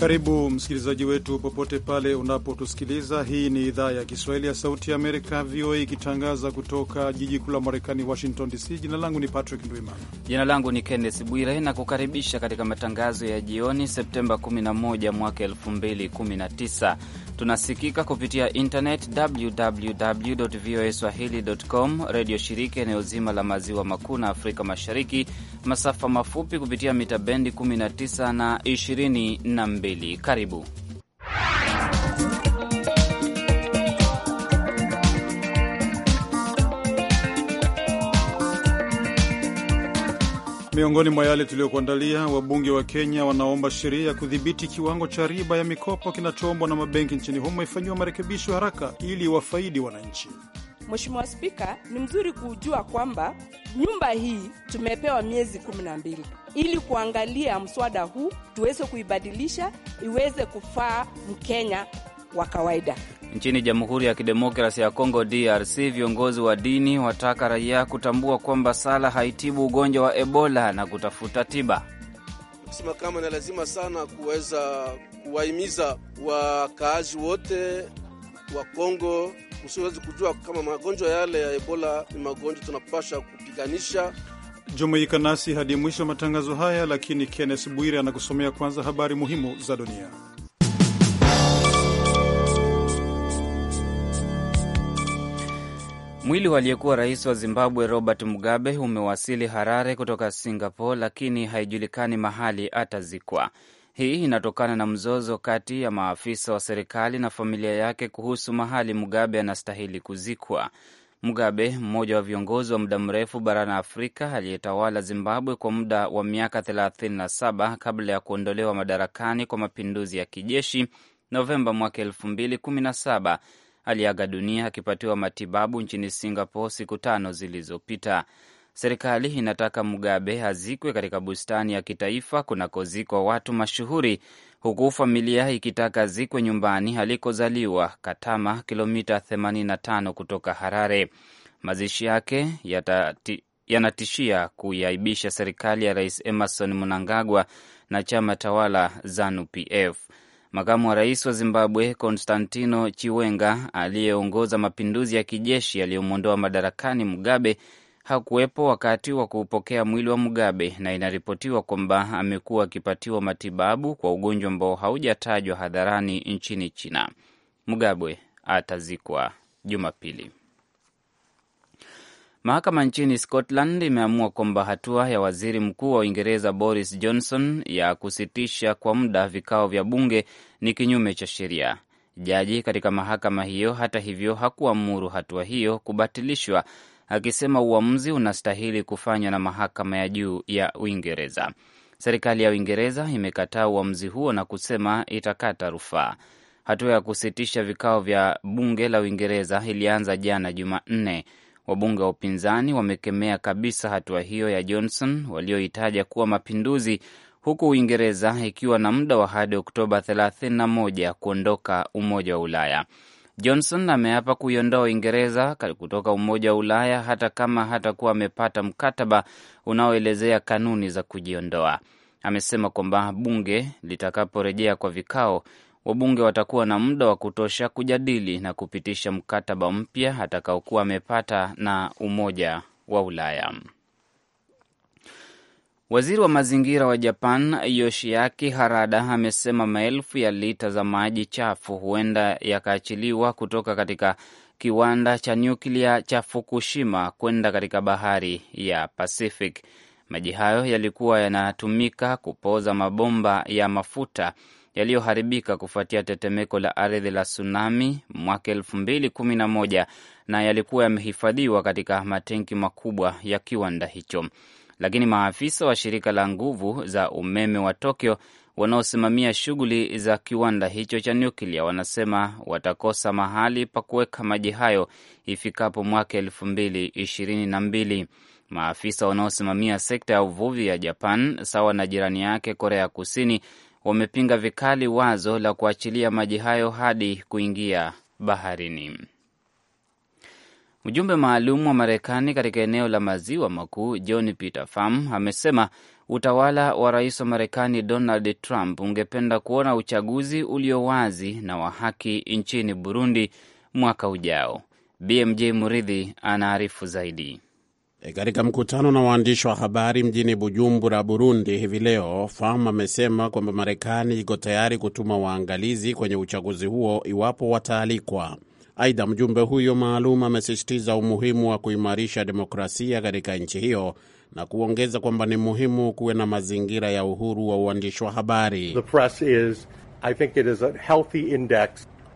Karibu msikilizaji wetu popote pale unapotusikiliza. Hii ni idhaa ya Kiswahili ya Sauti ya Amerika, VOA, ikitangaza kutoka jiji kuu la Marekani, Washington DC. Jina langu ni Patrick Ndwimana. Jina langu ni Kenneth Bwire na kukaribisha katika matangazo ya jioni, Septemba 11 mwaka 2019. Tunasikika kupitia internet www voa swahili com, redio shirika eneo zima la maziwa makuu na Afrika Mashariki masafa mafupi kupitia mita bendi 19 na 22. Karibu Miongoni mwa yale tuliyokuandalia, wabunge wa Kenya wanaomba sheria ya kudhibiti kiwango cha riba ya mikopo kinachoombwa na mabenki nchini humo ifanyiwa marekebisho haraka ili wafaidi wananchi. Mheshimiwa Spika, ni mzuri kujua kwamba nyumba hii tumepewa miezi kumi na mbili ili kuangalia mswada huu tuweze kuibadilisha iweze kufaa Mkenya wa kawaida. Nchini Jamhuri ya Kidemokrasia ya Kongo, DRC, viongozi wa dini wataka raia kutambua kwamba sala haitibu ugonjwa wa Ebola na kutafuta tiba. Kusema kama ni lazima sana kuweza kuwahimiza wakaazi wote wa Kongo usiwezi kujua kama magonjwa yale ya Ebola ni magonjwa tunapasha kupiganisha. Jumuika nasi hadi mwisho wa matangazo haya, lakini Kenneth Bwire anakusomea kwanza habari muhimu za dunia. Mwili wa aliyekuwa rais wa Zimbabwe Robert Mugabe umewasili Harare kutoka Singapore, lakini haijulikani mahali atazikwa. Hii inatokana na mzozo kati ya maafisa wa serikali na familia yake kuhusu mahali Mugabe anastahili kuzikwa. Mugabe, mmoja wa viongozi wa muda mrefu barani Afrika aliyetawala Zimbabwe kwa muda wa miaka 37 kabla ya kuondolewa madarakani kwa mapinduzi ya kijeshi Novemba mwaka 2017, aliaga dunia akipatiwa matibabu nchini Singapore siku tano zilizopita serikali inataka Mugabe azikwe katika bustani ya kitaifa kunakozikwa watu mashuhuri, huku familia ikitaka azikwe nyumbani alikozaliwa Katama, kilomita 85 kutoka Harare. Mazishi yake yatati yanatishia kuiaibisha serikali ya rais Emerson Mnangagwa na chama tawala ZANU-PF. Makamu wa rais wa Zimbabwe Constantino Chiwenga aliyeongoza mapinduzi ya kijeshi yaliyomwondoa madarakani Mugabe hakuwepo wakati wa kuupokea mwili wa Mugabe na inaripotiwa kwamba amekuwa akipatiwa matibabu kwa ugonjwa ambao haujatajwa hadharani nchini China. Mugabe atazikwa Jumapili. Mahakama nchini Scotland imeamua kwamba hatua ya waziri mkuu wa Uingereza Boris Johnson ya kusitisha kwa muda vikao vya bunge ni kinyume cha sheria. Jaji katika mahakama hiyo, hata hivyo, hakuamuru hatua hiyo kubatilishwa akisema uamuzi unastahili kufanywa na mahakama ya juu ya Uingereza. Serikali ya Uingereza imekataa uamuzi huo na kusema itakata rufaa. Hatua ya kusitisha vikao vya bunge la Uingereza ilianza jana Jumanne. Wabunge wa upinzani wamekemea kabisa hatua hiyo ya Johnson walioitaja kuwa mapinduzi, huku Uingereza ikiwa na muda wa hadi Oktoba 31 kuondoka Umoja wa Ulaya. Johnson ameapa kuiondoa Uingereza kutoka Umoja wa Ulaya hata kama hatakuwa amepata mkataba unaoelezea kanuni za kujiondoa. Amesema kwamba bunge litakaporejea kwa vikao, wabunge watakuwa na muda wa kutosha kujadili na kupitisha mkataba mpya atakaokuwa amepata na Umoja wa Ulaya. Waziri wa mazingira wa Japan Yoshiaki Harada amesema maelfu ya lita za maji chafu huenda yakaachiliwa kutoka katika kiwanda cha nyuklia cha Fukushima kwenda katika bahari ya Pacific. Maji hayo yalikuwa yanatumika kupoza mabomba ya mafuta yaliyoharibika kufuatia tetemeko la ardhi la tsunami mwaka elfu mbili kumi na moja na yalikuwa yamehifadhiwa katika matenki makubwa ya kiwanda hicho lakini maafisa wa shirika la nguvu za umeme wa Tokyo wanaosimamia shughuli za kiwanda hicho cha nyuklia wanasema watakosa mahali pa kuweka maji hayo ifikapo mwaka elfu mbili ishirini na mbili. Maafisa wanaosimamia sekta ya uvuvi ya Japan sawa na jirani yake Korea Kusini wamepinga vikali wazo la kuachilia maji hayo hadi kuingia baharini. Mjumbe maalum wa Marekani katika eneo la maziwa makuu John Peter Pham amesema utawala wa rais wa Marekani Donald Trump ungependa kuona uchaguzi ulio wazi na wa haki nchini Burundi mwaka ujao. BMJ Muridhi anaarifu zaidi. E, katika mkutano na waandishi wa habari mjini Bujumbura, Burundi hivi leo, Pham amesema kwamba Marekani iko tayari kutuma waangalizi kwenye uchaguzi huo iwapo wataalikwa. Aidha, mjumbe huyo maalum amesisitiza umuhimu wa kuimarisha demokrasia katika nchi hiyo na kuongeza kwamba ni muhimu kuwe na mazingira ya uhuru wa uandishi wa habari. The press is, I think it is a healthy index,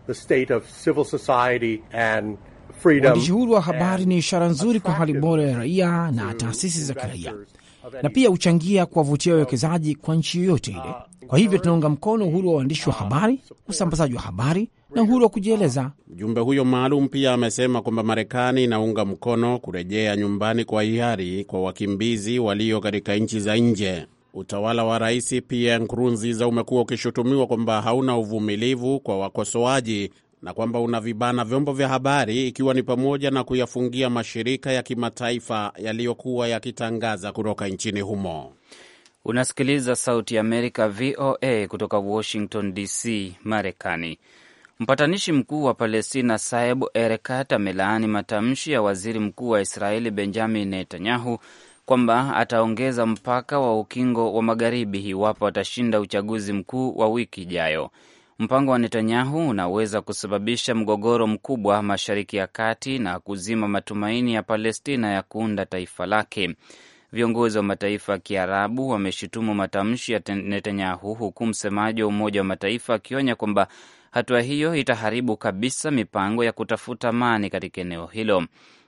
the state of civil society and freedom. Uandishi huru wa habari ni ishara nzuri kwa hali bora ya raia na taasisi za kiraia na pia huchangia kuwavutia wawekezaji kwa nchi yoyote ile. Kwa hivyo tunaunga mkono uhuru wa uandishi wa uh, habari, usambazaji wa habari na uhuru wa kujieleza. Mjumbe huyo maalum pia amesema kwamba Marekani inaunga mkono kurejea nyumbani kwa hiari kwa wakimbizi walio katika nchi za nje. Utawala wa Rais Pierre Nkurunziza umekuwa ukishutumiwa kwamba hauna uvumilivu kwa wakosoaji na kwamba unavibana vyombo vya habari ikiwa ni pamoja na kuyafungia mashirika ya kimataifa yaliyokuwa yakitangaza kutoka nchini humo. Unasikiliza Sauti ya Amerika, VOA, kutoka Washington DC, Marekani. Mpatanishi mkuu wa Palestina Saeb Erekat amelaani matamshi ya waziri mkuu wa Israeli Benjamin Netanyahu kwamba ataongeza mpaka wa ukingo wa magharibi iwapo atashinda uchaguzi mkuu wa wiki ijayo. Mpango wa Netanyahu unaweza kusababisha mgogoro mkubwa Mashariki ya Kati na kuzima matumaini ya Palestina ya kuunda taifa lake. Viongozi wa mataifa ya Kiarabu wameshutumu matamshi ya Netanyahu, huku msemaji wa Umoja wa Mataifa akionya kwamba hatua hiyo itaharibu kabisa mipango ya kutafuta amani katika eneo hilo.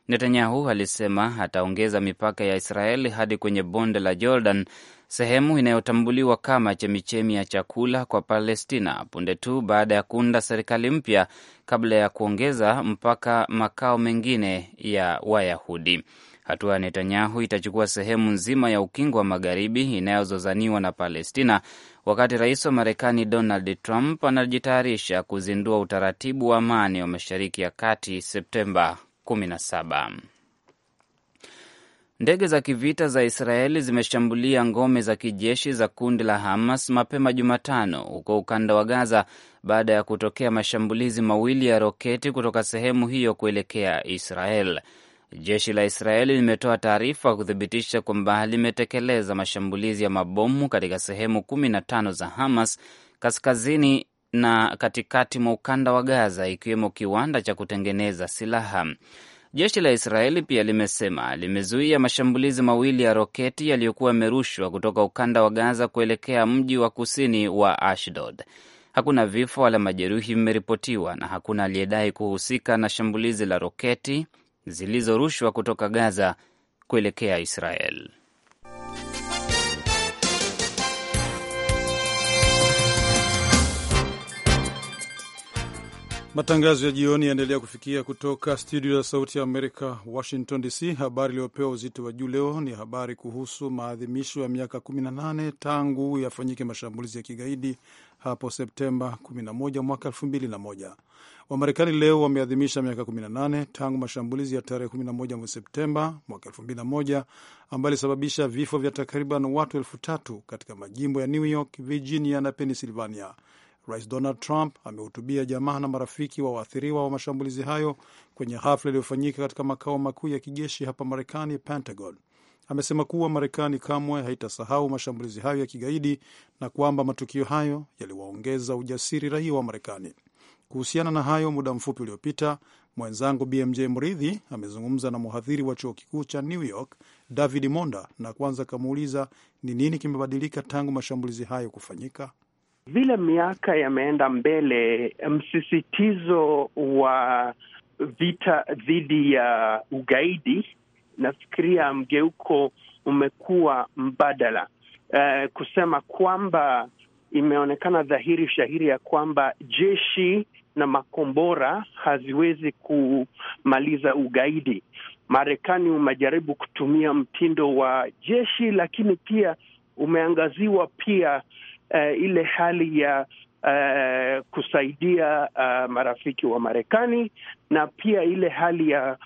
Netanyahu alisema ataongeza mipaka ya Israeli hadi kwenye bonde la Jordan, sehemu inayotambuliwa kama chemichemi ya chakula kwa Palestina, punde tu baada ya kuunda serikali mpya, kabla ya kuongeza mpaka makao mengine ya Wayahudi. Hatua ya Netanyahu itachukua sehemu nzima ya ukingo wa magharibi inayozozaniwa na Palestina, wakati rais wa Marekani Donald Trump anajitayarisha kuzindua utaratibu wa amani wa mashariki ya kati Septemba 17. Ndege za kivita za Israeli zimeshambulia ngome za kijeshi za kundi la Hamas mapema Jumatano huko ukanda wa Gaza baada ya kutokea mashambulizi mawili ya roketi kutoka sehemu hiyo kuelekea Israel. Jeshi la Israeli limetoa taarifa kuthibitisha kwamba limetekeleza mashambulizi ya mabomu katika sehemu kumi na tano za Hamas kaskazini na katikati mwa ukanda wa Gaza, ikiwemo kiwanda cha kutengeneza silaha. Jeshi la Israeli pia limesema limezuia mashambulizi mawili ya roketi yaliyokuwa yamerushwa kutoka ukanda wa Gaza kuelekea mji wa kusini wa Ashdod. Hakuna vifo wala majeruhi vimeripotiwa na hakuna aliyedai kuhusika na shambulizi la roketi zilizorushwa kutoka Gaza kuelekea Israel. Matangazo ya jioni yaendelea kufikia kutoka studio ya Sauti ya Amerika, Washington DC. Habari iliyopewa uzito wa juu leo ni habari kuhusu maadhimisho ya miaka 18 tangu yafanyike mashambulizi ya kigaidi hapo Septemba 11 mwaka 2001. Wamarekani leo wameadhimisha miaka 18 tangu mashambulizi ya tarehe 11 mwezi Septemba mwaka 2001 ambayo ilisababisha vifo vya takriban watu elfu tatu katika majimbo ya New York, Virginia na Pennsylvania. Rais Donald Trump amehutubia jamaa na marafiki wa waathiriwa wa mashambulizi hayo kwenye hafla iliyofanyika katika makao makuu ya kijeshi hapa Marekani, Pentagon amesema kuwa Marekani kamwe haitasahau mashambulizi hayo ya kigaidi na kwamba matukio hayo yaliwaongeza ujasiri raia wa Marekani. Kuhusiana na hayo, muda mfupi uliopita mwenzangu BMJ Mridhi amezungumza na mhadhiri wa chuo kikuu cha New York David Monda, na kwanza akamuuliza ni nini kimebadilika tangu mashambulizi hayo kufanyika. Vile miaka yameenda mbele, msisitizo wa vita dhidi ya ugaidi nafikiria mgeuko umekuwa mbadala, uh, kusema kwamba imeonekana dhahiri shahiri ya kwamba jeshi na makombora haziwezi kumaliza ugaidi. Marekani umejaribu kutumia mtindo wa jeshi, lakini pia umeangaziwa pia uh, ile hali ya uh, kusaidia uh, marafiki wa Marekani na pia ile hali ya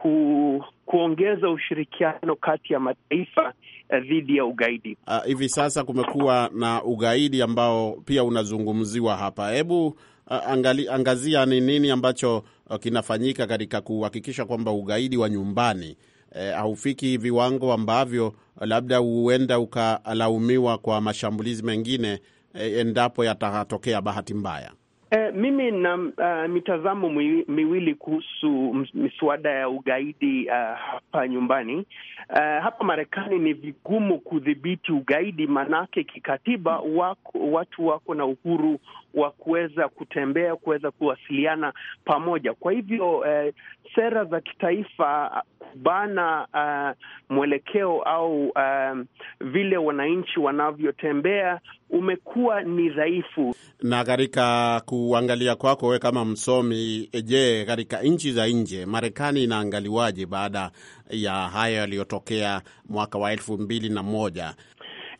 ku, kuongeza ushirikiano kati ya mataifa eh, dhidi ya ugaidi. Uh, hivi sasa kumekuwa na ugaidi ambao pia unazungumziwa hapa. Hebu uh, angali, angazia ni nini ambacho uh, kinafanyika katika kuhakikisha kwamba ugaidi wa nyumbani uh, haufiki viwango ambavyo labda huenda ukalaumiwa kwa mashambulizi mengine uh, endapo yatatokea bahati mbaya. E, mimi na uh, mitazamo miwili kuhusu miswada ya ugaidi uh, hapa nyumbani uh, hapa Marekani ni vigumu kudhibiti ugaidi, manake kikatiba wako, watu wako na uhuru wa kuweza kutembea, kuweza kuwasiliana pamoja. Kwa hivyo eh, sera za kitaifa kubana uh, mwelekeo au uh, vile wananchi wanavyotembea umekuwa ni dhaifu. Na katika kuangalia kwako wewe kama msomi, je, katika nchi za nje Marekani inaangaliwaje baada ya haya yaliyotokea mwaka wa elfu mbili na moja?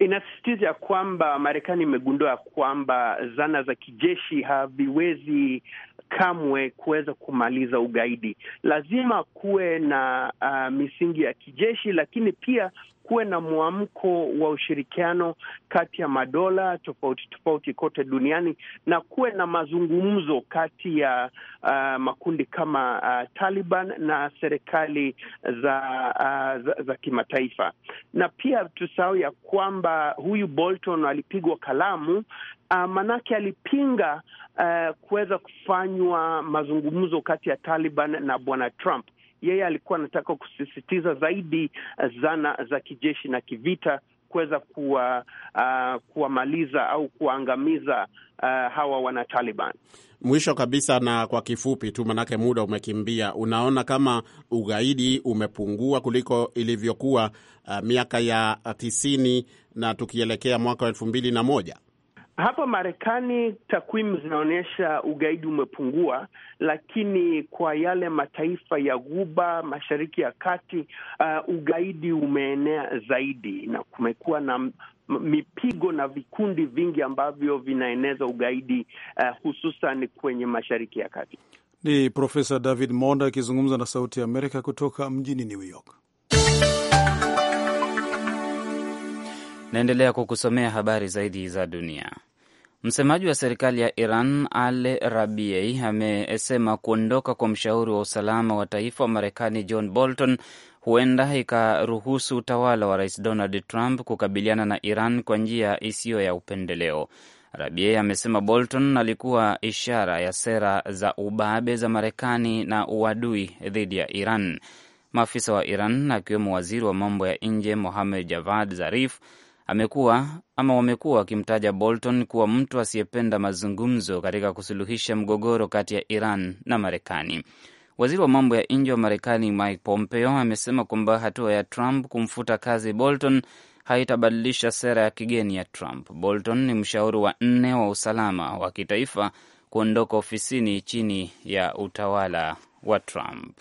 inasisitiza kwamba Marekani imegundua kwamba zana za kijeshi haviwezi kamwe kuweza kumaliza ugaidi. Lazima kuwe na uh, misingi ya kijeshi, lakini pia kuwe na mwamko wa ushirikiano kati ya madola tofauti tofauti kote duniani na kuwe na mazungumzo kati ya uh, makundi kama uh, Taliban na serikali za, uh, za, za kimataifa. Na pia tusahau ya kwamba huyu Bolton alipigwa kalamu uh, manake alipinga uh, kuweza kufanywa mazungumzo kati ya Taliban na bwana Trump yeye alikuwa anataka kusisitiza zaidi eh, zana za kijeshi na kivita kuweza kuwa uh, kuwamaliza au kuwaangamiza uh, hawa wanataliban. Mwisho kabisa na kwa kifupi tu, manake muda umekimbia, unaona kama ugaidi umepungua kuliko ilivyokuwa uh, miaka ya tisini na tukielekea mwaka wa elfu mbili na moja hapa Marekani takwimu zinaonyesha ugaidi umepungua, lakini kwa yale mataifa ya guba mashariki ya kati, uh, ugaidi umeenea zaidi na kumekuwa na mipigo na vikundi vingi ambavyo vinaeneza ugaidi uh, hususan kwenye mashariki ya kati. Ni Profesa David Monda akizungumza na Sauti ya Amerika kutoka mjini New York. Naendelea kukusomea habari zaidi za dunia. Msemaji wa serikali ya Iran Ali Rabiei amesema kuondoka kwa mshauri wa usalama wa taifa wa Marekani John Bolton huenda ikaruhusu utawala wa rais Donald Trump kukabiliana na Iran kwa njia isiyo ya upendeleo. Rabiei amesema Bolton alikuwa ishara ya sera za ubabe za Marekani na uadui dhidi ya Iran. Maafisa wa Iran akiwemo waziri wa mambo ya nje Mohamed Javad Zarif amekuwa ama wamekuwa wakimtaja Bolton kuwa mtu asiyependa mazungumzo katika kusuluhisha mgogoro kati ya Iran na Marekani. Waziri wa mambo ya nje wa Marekani Mike Pompeo amesema kwamba hatua ya Trump kumfuta kazi Bolton haitabadilisha sera ya kigeni ya Trump. Bolton ni mshauri wa nne wa usalama wa kitaifa kuondoka ofisini chini ya utawala wa Trump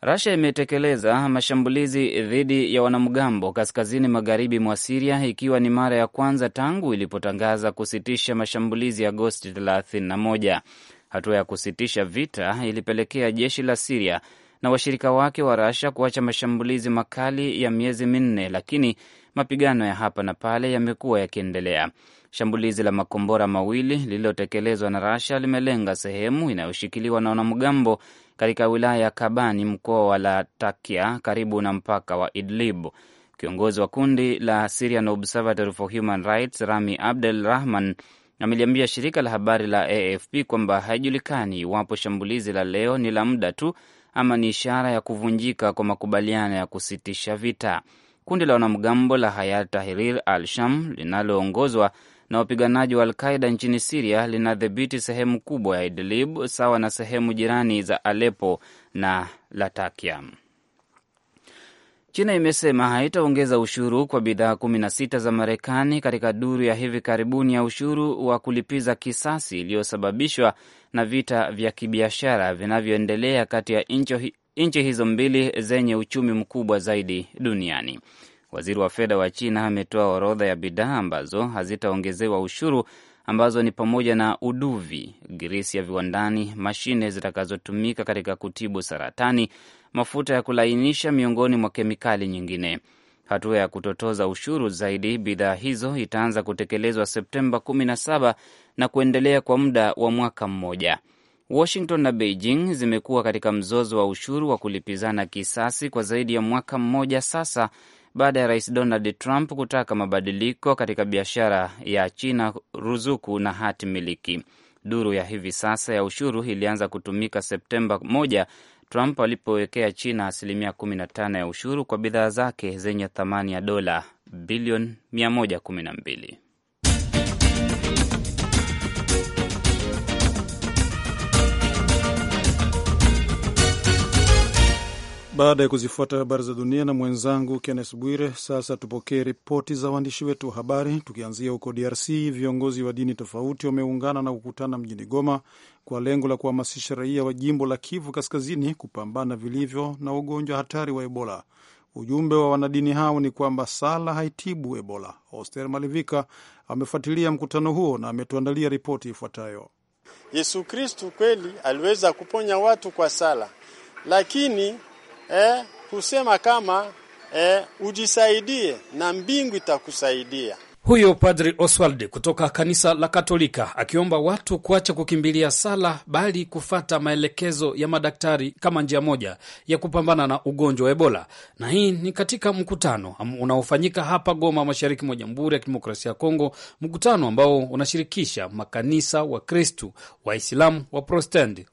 rasia imetekeleza mashambulizi dhidi ya wanamgambo kaskazini magharibi mwa Siria ikiwa ni mara ya kwanza tangu ilipotangaza kusitisha mashambulizi Agosti 31. Hatua ya kusitisha vita ilipelekea jeshi la Siria na washirika wake wa Russia kuacha mashambulizi makali ya miezi minne, lakini mapigano ya hapa na pale yamekuwa yakiendelea. Shambulizi la makombora mawili lililotekelezwa na Russia limelenga sehemu inayoshikiliwa na wanamgambo katika wilaya ya Kabani, mkoa wa Latakia, karibu na mpaka wa Idlib. Kiongozi wa kundi la Syrian Observatory for Human Rights Rami Abdel Rahman ameliambia shirika la habari la AFP kwamba haijulikani iwapo shambulizi la leo ni la muda tu ama ni ishara ya kuvunjika kwa makubaliano ya kusitisha vita. Kundi la wanamgambo la Hayat Tahrir al-Sham linaloongozwa na wapiganaji wa Alqaida nchini Siria linadhibiti sehemu kubwa ya Idlib sawa na sehemu jirani za Alepo na Latakia. China imesema haitaongeza ushuru kwa bidhaa kumi na sita za Marekani katika duru ya hivi karibuni ya ushuru wa kulipiza kisasi iliyosababishwa na vita vya kibiashara vinavyoendelea kati ya nchi hizo mbili zenye uchumi mkubwa zaidi duniani. Waziri wa fedha wa China ametoa orodha ya bidhaa ambazo hazitaongezewa ushuru ambazo ni pamoja na uduvi, grisi ya viwandani, mashine zitakazotumika katika kutibu saratani, mafuta ya kulainisha, miongoni mwa kemikali nyingine. Hatua ya kutotoza ushuru zaidi bidhaa hizo itaanza kutekelezwa Septemba 17 na kuendelea kwa muda wa mwaka mmoja. Washington na Beijing zimekuwa katika mzozo wa ushuru wa kulipizana kisasi kwa zaidi ya mwaka mmoja sasa, baada ya rais Donald Trump kutaka mabadiliko katika biashara ya China, ruzuku na hati miliki. Duru ya hivi sasa ya ushuru ilianza kutumika Septemba moja Trump alipowekea China asilimia 15 ya ushuru kwa bidhaa zake zenye thamani ya dola bilioni 112. Baada ya kuzifuata habari za dunia na mwenzangu Kennes Bwire, sasa tupokee ripoti za waandishi wetu wa habari, tukianzia huko DRC. Viongozi wa dini tofauti wameungana na kukutana mjini Goma kwa lengo la kuhamasisha raia wa jimbo la Kivu Kaskazini kupambana vilivyo na ugonjwa hatari wa Ebola. Ujumbe wa wanadini hao ni kwamba sala haitibu Ebola. Oster Malivika amefuatilia mkutano huo na ametuandalia ripoti ifuatayo. Yesu Kristu kweli aliweza kuponya watu kwa sala, lakini eh, husema kama eh, ujisaidie na mbingu itakusaidia. Huyo Padri Oswald kutoka kanisa la Katolika akiomba watu kuacha kukimbilia sala bali kufata maelekezo ya madaktari kama njia moja ya kupambana na ugonjwa wa Ebola. Na hii ni katika mkutano unaofanyika hapa Goma, mashariki mwa Jamhuri ya Kidemokrasia ya Kongo, mkutano ambao unashirikisha makanisa wa Kristu, Waislamu, wa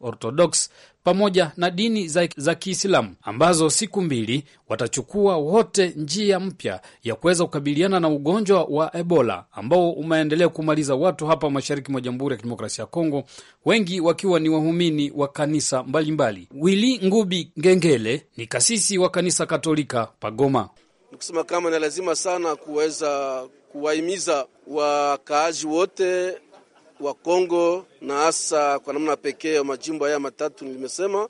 Orthodox pamoja na dini za, za Kiislamu ambazo siku mbili watachukua wote njia mpya ya kuweza kukabiliana na ugonjwa wa Ebola ambao umeendelea kumaliza watu hapa mashariki mwa Jamhuri ya Kidemokrasia ya Kongo, wengi wakiwa ni wahumini wa kanisa mbalimbali mbali. Wili Ngubi Ngengele ni kasisi wa kanisa Katolika Pagoma. Nikusema kama ni lazima sana kuweza kuwahimiza wakaaji wote wa Kongo na hasa kwa namna pekee ya majimbo haya matatu nilimesema,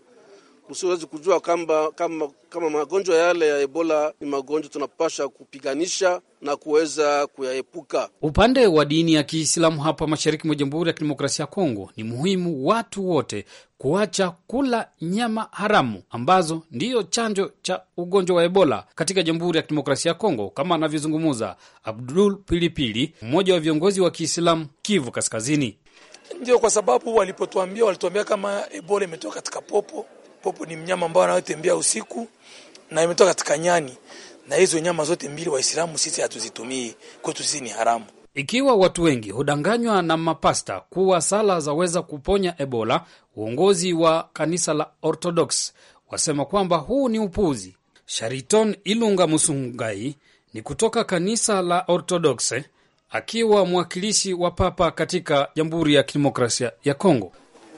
usiwezi kujua kamba, kama, kama magonjwa yale ya Ebola ni magonjwa tunapasha kupiganisha na kuweza kuyaepuka. Upande wa dini ya Kiislamu hapa mashariki mwa Jamhuri ya Kidemokrasia ya Kongo, ni muhimu watu wote kuacha kula nyama haramu ambazo ndiyo chanjo cha ugonjwa wa Ebola katika Jamhuri ya Kidemokrasia ya Kongo, kama anavyozungumza Abdul Pilipili, mmoja wa viongozi wa Kiislamu Kivu Kaskazini. Ndio kwa sababu walipotuambia, walituambia kama Ebola imetoka katika popo Popo ni mnyama ambao anayotembea usiku na imetoka katika nyani, na hizo nyama zote mbili Waislamu sisi hatuzitumii, kwetu sisi ni haramu. Ikiwa watu wengi hudanganywa na mapasta kuwa sala zaweza kuponya Ebola, uongozi wa kanisa la Orthodox wasema kwamba huu ni upuzi. Shariton Ilunga Musungai ni kutoka kanisa la Orthodoxe akiwa mwakilishi wa papa katika Jamhuri ya Kidemokrasia ya Kongo.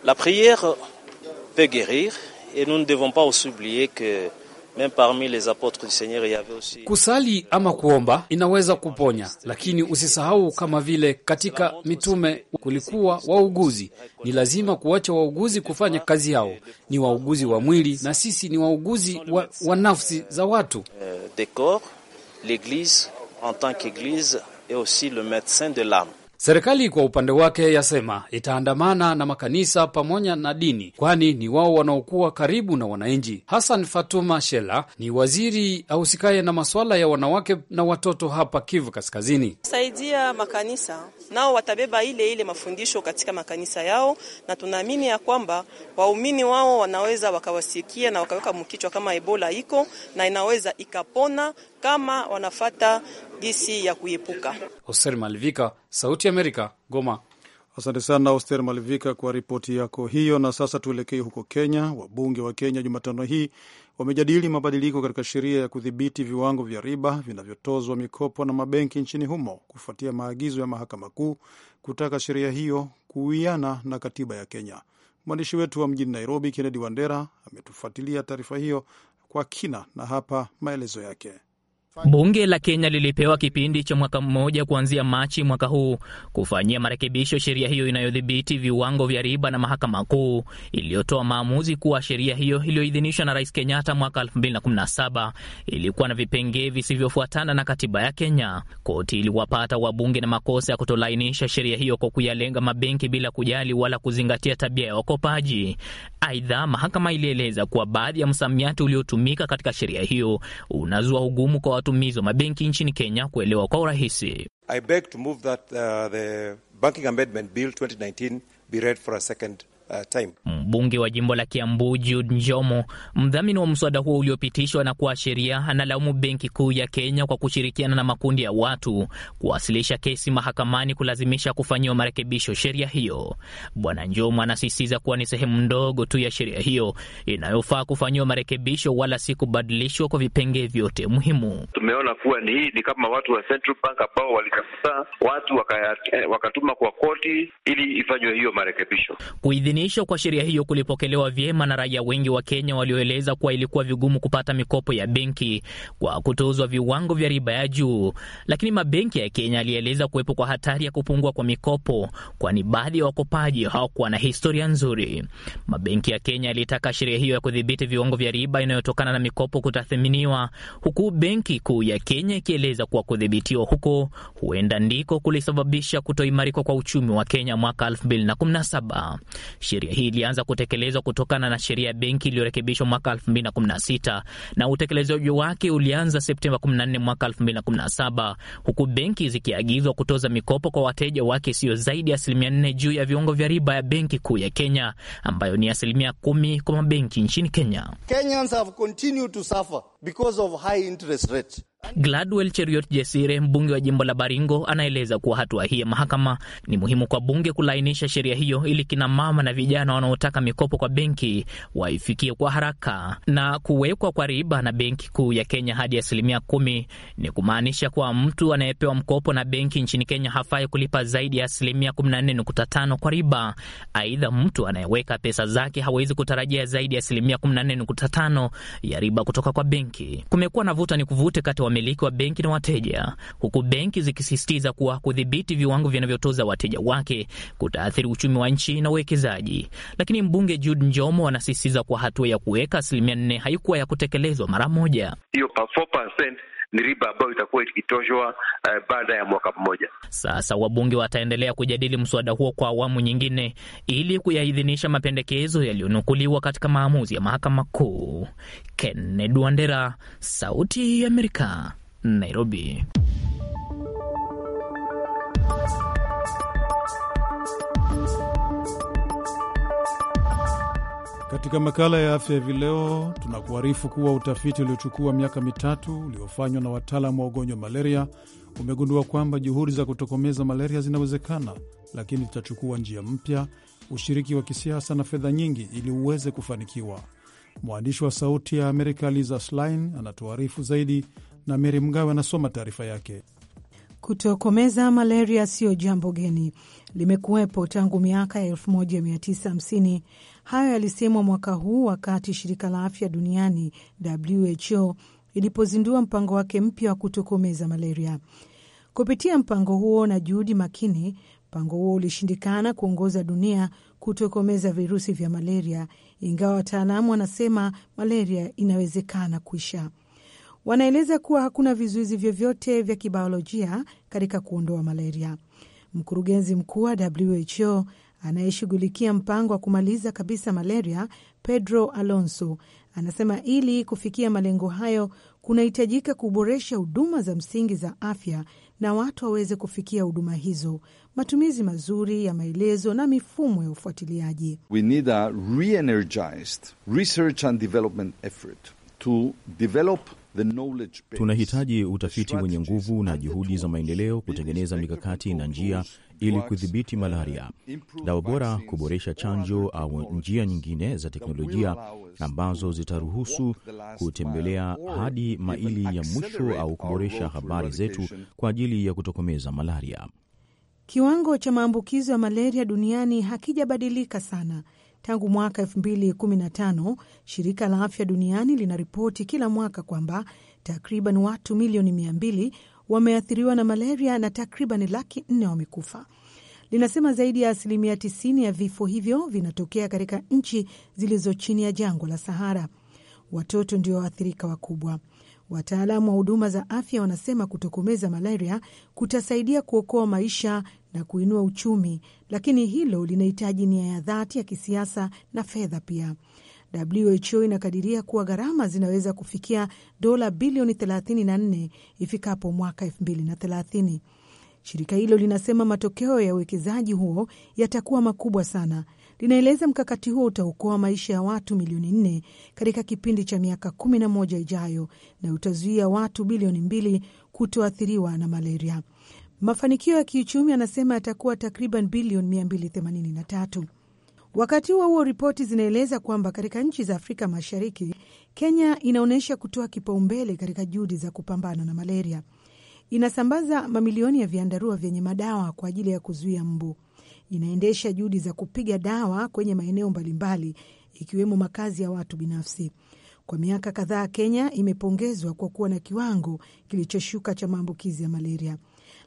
La priere peut guerir Et nous ne devons pas aussi oublier que même parmi les apôtres du Seigneur il y avait aussi... Kusali ama kuomba inaweza kuponya, lakini usisahau kama vile katika mitume kulikuwa wauguzi. Ni lazima kuacha wauguzi kufanya kazi yao, ni wauguzi wa mwili na sisi ni wauguzi wa, wa nafsi za watu. Euh, des l'Église en tant qu'Église est aussi le médecin de l'âme. Serikali kwa upande wake yasema itaandamana na makanisa pamoja na dini, kwani ni wao wanaokuwa karibu na wananchi. Hassan Fatuma Shela ni waziri ahusikaye na masuala ya wanawake na watoto hapa Kivu Kaskazini. Saidia makanisa nao watabeba ile ile mafundisho katika makanisa yao, na tunaamini ya kwamba waumini wao wanaweza wakawasikia na wakaweka mkichwa kama Ebola iko na inaweza ikapona kama wanafata jinsi ya kuiepuka. Hoser Malivika, Sauti ya Amerika, Goma. Asante sana Oster Malivika kwa ripoti yako hiyo. Na sasa tuelekee huko Kenya. Wabunge wa Kenya Jumatano hii wamejadili mabadiliko katika sheria ya kudhibiti viwango vya riba vinavyotozwa mikopo na mabenki nchini humo kufuatia maagizo ya mahakama kuu kutaka sheria hiyo kuwiana na katiba ya Kenya. Mwandishi wetu wa mjini Nairobi, Kennedy Wandera, ametufuatilia taarifa hiyo kwa kina na hapa maelezo yake. Bunge la Kenya lilipewa kipindi cha mwaka mmoja kuanzia Machi mwaka huu kufanyia marekebisho sheria hiyo inayodhibiti viwango vya riba na mahakama kuu iliyotoa maamuzi kuwa sheria hiyo iliyoidhinishwa na Rais Kenyatta mwaka 2017 ilikuwa na vipengee visivyofuatana na katiba ya Kenya. Koti iliwapata wabunge na makosa ya kutolainisha sheria hiyo kwa kuyalenga mabenki bila kujali wala kuzingatia tabia ya wakopaji. Aidha, mahakama ilieleza kuwa baadhi ya msamiati uliotumika katika sheria hiyo unazua ugumu kwa watu watumizi wa mabenki nchini Kenya kuelewa kwa urahisi. I beg to move that, uh, the Banking Amendment Bill 2019 be read for a second uh, time. Mbunge wa jimbo la Kiambu Jude Njomo, mdhamini wa mswada huo uliopitishwa na kuwa sheria, analaumu Benki Kuu ya Kenya kwa kushirikiana na makundi ya watu kuwasilisha kesi mahakamani kulazimisha kufanyiwa marekebisho sheria hiyo. Bwana Njomo anasisitiza kuwa ni sehemu ndogo tu ya sheria hiyo inayofaa kufanyiwa marekebisho, wala si kubadilishwa kwa vipengee vyote muhimu. Tumeona kuwa ni hii ni kama watu wa Central Bank ambao walikataa watu eh, wakatuma waka kwa koti ili ifanywe hiyo marekebisho Kuidhini Kuidhinishwa kwa sheria hiyo kulipokelewa vyema na raia wengi wa Kenya walioeleza kuwa ilikuwa vigumu kupata mikopo ya benki kwa kutozwa viwango vya riba ya juu. Lakini mabenki ya Kenya alieleza kuwepo kwa hatari ya kupungua kwa mikopo, kwani baadhi ya wakopaji hawakuwa na historia nzuri. Mabenki ya Kenya yalitaka sheria hiyo ya kudhibiti viwango vya riba inayotokana na mikopo kutathiminiwa, huku Benki Kuu ya Kenya ikieleza kuwa kudhibitiwa huko huenda ndiko kulisababisha kutoimarika kwa uchumi wa Kenya mwaka 2017. Sheria hii ilianza kutekelezwa kutokana na sheria ya benki iliyorekebishwa mwaka 2016 na utekelezaji wake ulianza Septemba 14 mwaka 2017, huku benki zikiagizwa kutoza mikopo kwa wateja wake isiyo zaidi ya asilimia 4 juu ya viwango vya riba ya Benki Kuu ya Kenya ambayo ni asilimia 10 kwa mabenki nchini Kenya. Kenyans have continued to suffer because of high interest rate. Gladwell Cheriot Jesire, mbunge wa jimbo la Baringo, anaeleza kuwa hatua hii ya mahakama ni muhimu kwa bunge kulainisha sheria hiyo ili kina mama na vijana wanaotaka mikopo kwa benki waifikie kwa haraka. Na kuwekwa kwa riba na Benki Kuu ya Kenya hadi asilimia kumi ni kumaanisha kuwa mtu anayepewa mkopo na benki nchini Kenya hafai kulipa zaidi ya asilimia 14.5 kwa riba. Aidha, mtu anayeweka pesa zake hawezi kutarajia zaidi ya asilimia 14.5 ya riba kutoka kwa benki. Kumekuwa na vuta ni kuvute kati wamiliki wa benki na wateja, huku benki zikisisitiza kuwa kudhibiti viwango vinavyotoza wateja wake kutaathiri uchumi wa nchi na uwekezaji. Lakini mbunge Jude Njomo anasisitiza kuwa hatua ya kuweka asilimia nne haikuwa ya kutekelezwa mara moja. Uh, ni riba ambayo itakuwa ikitoshwa uh, baada ya mwaka mmoja. Sasa wabunge wataendelea kujadili mswada huo kwa awamu nyingine ili kuyaidhinisha mapendekezo yaliyonukuliwa katika maamuzi ya mahakama kuu. Kenneth Wandera, Sauti ya Amerika, Nairobi. Katika makala ya afya hivi leo tunakuarifu kuwa utafiti uliochukua miaka mitatu uliofanywa na wataalamu wa ugonjwa wa malaria umegundua kwamba juhudi za kutokomeza malaria zinawezekana, lakini zitachukua njia mpya, ushiriki wa kisiasa na fedha nyingi, ili uweze kufanikiwa. Mwandishi wa Sauti ya Amerika Lisa Schlein anatuarifu zaidi, na Meri Mgawe anasoma taarifa yake. Kutokomeza malaria siyo jambo geni, limekuwepo tangu miaka ya 1950 Hayo yalisemwa mwaka huu wakati shirika la afya duniani WHO ilipozindua mpango wake mpya wa kutokomeza malaria. Kupitia mpango huo na juhudi makini, mpango huo ulishindikana kuongoza dunia kutokomeza virusi vya malaria, ingawa wataalamu wanasema malaria inawezekana kuisha. Wanaeleza kuwa hakuna vizuizi vyovyote vya kibiolojia katika kuondoa malaria. Mkurugenzi mkuu wa WHO anayeshughulikia mpango wa kumaliza kabisa malaria, Pedro Alonso, anasema ili kufikia malengo hayo kunahitajika kuboresha huduma za msingi za afya na watu waweze kufikia huduma hizo, matumizi mazuri ya maelezo na mifumo ya ufuatiliaji. We need a re-energized research and development effort to develop Tunahitaji utafiti wenye nguvu na juhudi za maendeleo kutengeneza mikakati na njia ili kudhibiti malaria, dawa bora, kuboresha chanjo au njia nyingine za teknolojia ambazo zitaruhusu kutembelea hadi maili ya mwisho au kuboresha habari zetu kwa ajili ya kutokomeza malaria. Kiwango cha maambukizo ya malaria duniani hakijabadilika sana tangu mwaka 2015. Shirika la Afya Duniani linaripoti kila mwaka kwamba takriban watu milioni wameathiriwa na malaria na takriban laki nne wamekufa. Linasema zaidi ya asilimia 90 ya vifo hivyo vinatokea katika nchi zilizo chini ya jangwa la Sahara. Watoto ndio waathirika wakubwa. Wataalamu wa huduma za afya wanasema kutokomeza malaria kutasaidia kuokoa maisha na kuinua uchumi, lakini hilo linahitaji nia ya dhati ya kisiasa na fedha pia. WHO inakadiria kuwa gharama zinaweza kufikia dola bilioni 34 ifikapo mwaka 2030. Shirika hilo linasema matokeo ya uwekezaji huo yatakuwa makubwa sana. Linaeleza mkakati huo utaokoa maisha ya watu milioni nne katika kipindi cha miaka moja ijayo na utazuia watu bilioni mbili kutoathiriwa na malaria. Mafanikio ya kiuchumi anasema yatakuwa takriban bilioni tatu. Wakati huo huo, ripoti zinaeleza kwamba katika nchi za Afrika Mashariki, Kenya inaonyesha kutoa kipaumbele katika juhudi za kupambana na malaria. Inasambaza mamilioni ya viandarua vyenye madawa kwa ajili ya kuzuia mbu. Inaendesha juhudi za kupiga dawa kwenye maeneo mbalimbali, ikiwemo makazi ya watu binafsi. Kwa miaka kadhaa, Kenya imepongezwa kwa kuwa na kiwango kilichoshuka cha maambukizi ya malaria.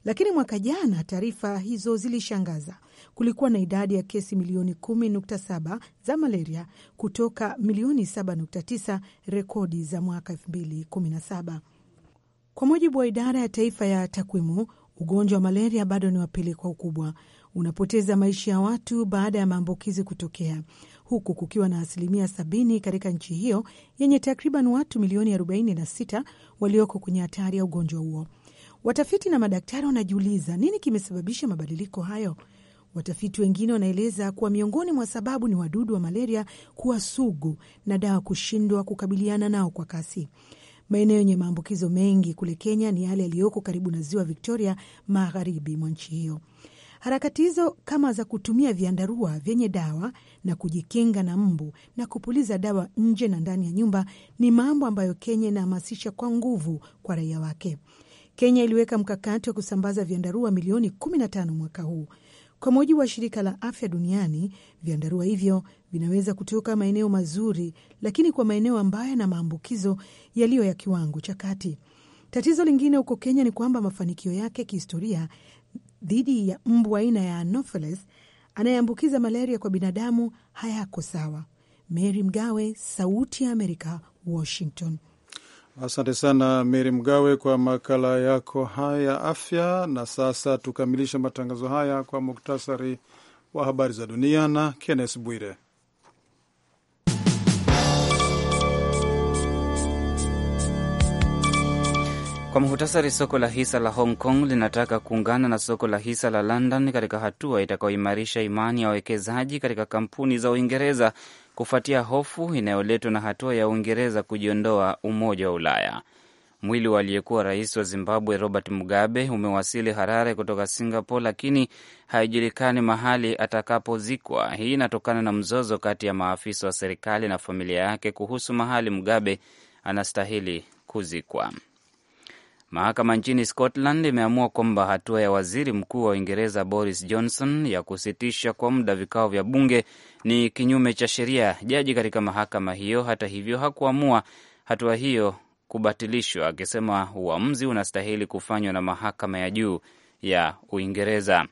Lakini mwaka jana taarifa hizo zilishangaza. Kulikuwa na idadi ya kesi milioni 10.7 za malaria kutoka milioni 7.9 rekodi za mwaka 2017. Kwa mujibu wa idara ya taifa ya takwimu, ugonjwa wa malaria bado ni wa pili kwa ukubwa. Unapoteza maisha ya watu baada ya maambukizi kutokea, huku kukiwa na asilimia sabini katika nchi hiyo yenye takriban watu milioni 46 walioko kwenye hatari ya ugonjwa huo. Watafiti na madaktari wanajiuliza nini kimesababisha mabadiliko hayo. Watafiti wengine wanaeleza kuwa miongoni mwa sababu ni wadudu wa malaria kuwa sugu na dawa kushindwa kukabiliana nao kwa kasi. Maeneo yenye maambukizo mengi kule Kenya ni yale yaliyoko karibu na ziwa Victoria, magharibi mwa nchi hiyo. Harakati hizo kama za kutumia viandarua vyenye dawa na kujikinga na mbu na kupuliza dawa nje na ndani ya nyumba ni mambo ambayo Kenya inahamasisha kwa nguvu kwa raia wake. Kenya iliweka mkakati wa kusambaza vyandarua milioni 15 mwaka huu. Kwa mujibu wa shirika la afya duniani, vyandarua hivyo vinaweza kutoka maeneo mazuri, lakini kwa maeneo ambayo yana maambukizo yaliyo ya kiwango cha kati. Tatizo lingine huko Kenya ni kwamba mafanikio yake kihistoria dhidi ya mbu aina ya Anopheles anayeambukiza malaria kwa binadamu hayako sawa. Mary Mgawe, Sauti ya Amerika, Washington. Asante sana Meri Mgawe kwa makala yako haya ya afya. Na sasa tukamilishe matangazo haya kwa muktasari wa habari za dunia na Kennes Bwire. Kwa muhtasari, soko la hisa la Hong Kong linataka kuungana na soko la hisa la London katika hatua itakayoimarisha imani ya wawekezaji katika kampuni za Uingereza kufuatia hofu inayoletwa na hatua ya Uingereza kujiondoa Umoja wa Ulaya. Mwili wa aliyekuwa rais wa Zimbabwe Robert Mugabe umewasili Harare kutoka Singapore, lakini haijulikani mahali atakapozikwa. Hii inatokana na mzozo kati ya maafisa wa serikali na familia yake kuhusu mahali Mugabe anastahili kuzikwa. Mahakama nchini Scotland imeamua kwamba hatua ya waziri mkuu wa Uingereza Boris Johnson ya kusitisha kwa muda vikao vya bunge ni kinyume cha sheria. Jaji katika mahakama hiyo, hata hivyo, hakuamua hatua hiyo kubatilishwa, akisema uamuzi unastahili kufanywa na mahakama ya juu ya Uingereza.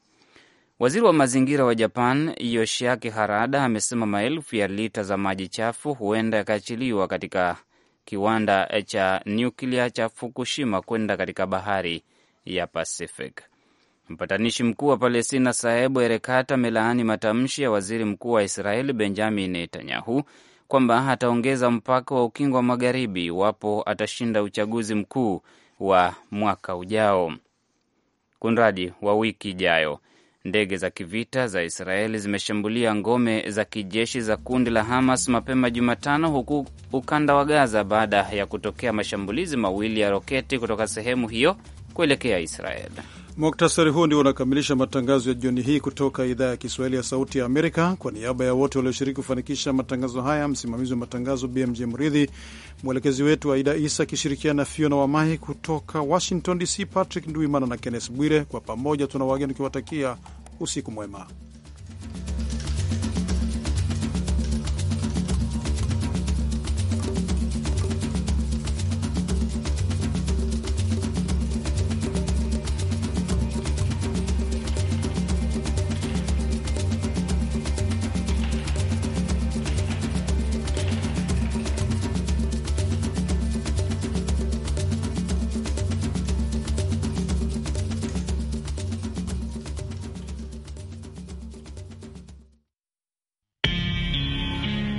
Waziri wa mazingira wa Japan Yoshiaki Harada amesema maelfu ya lita za maji chafu huenda yakaachiliwa katika kiwanda eh, cha nyuklia cha Fukushima kwenda katika bahari ya Pacific. Mpatanishi mkuu wa Palestina Sahebu Erekat amelaani matamshi ya waziri mkuu wa Israeli Benjamin Netanyahu kwamba ataongeza mpaka wa ukingo wa magharibi iwapo atashinda uchaguzi mkuu wa mwaka ujao, kunradi wa wiki ijayo. Ndege za kivita za Israeli zimeshambulia ngome za kijeshi za kundi la Hamas mapema Jumatano huku ukanda wa Gaza, baada ya kutokea mashambulizi mawili ya roketi kutoka sehemu hiyo kuelekea Israeli. Muktasari huu ndio unakamilisha matangazo ya jioni hii kutoka idhaa ya Kiswahili ya Sauti ya Amerika. Kwa niaba ya wote walioshiriki kufanikisha matangazo haya, msimamizi wa matangazo BMJ Mridhi, mwelekezi wetu Aida Isa akishirikiana na Fiona Wamahi kutoka Washington DC, Patrick Ndwimana na Kennes Bwire, kwa pamoja tuna wageni ukiwatakia usiku mwema.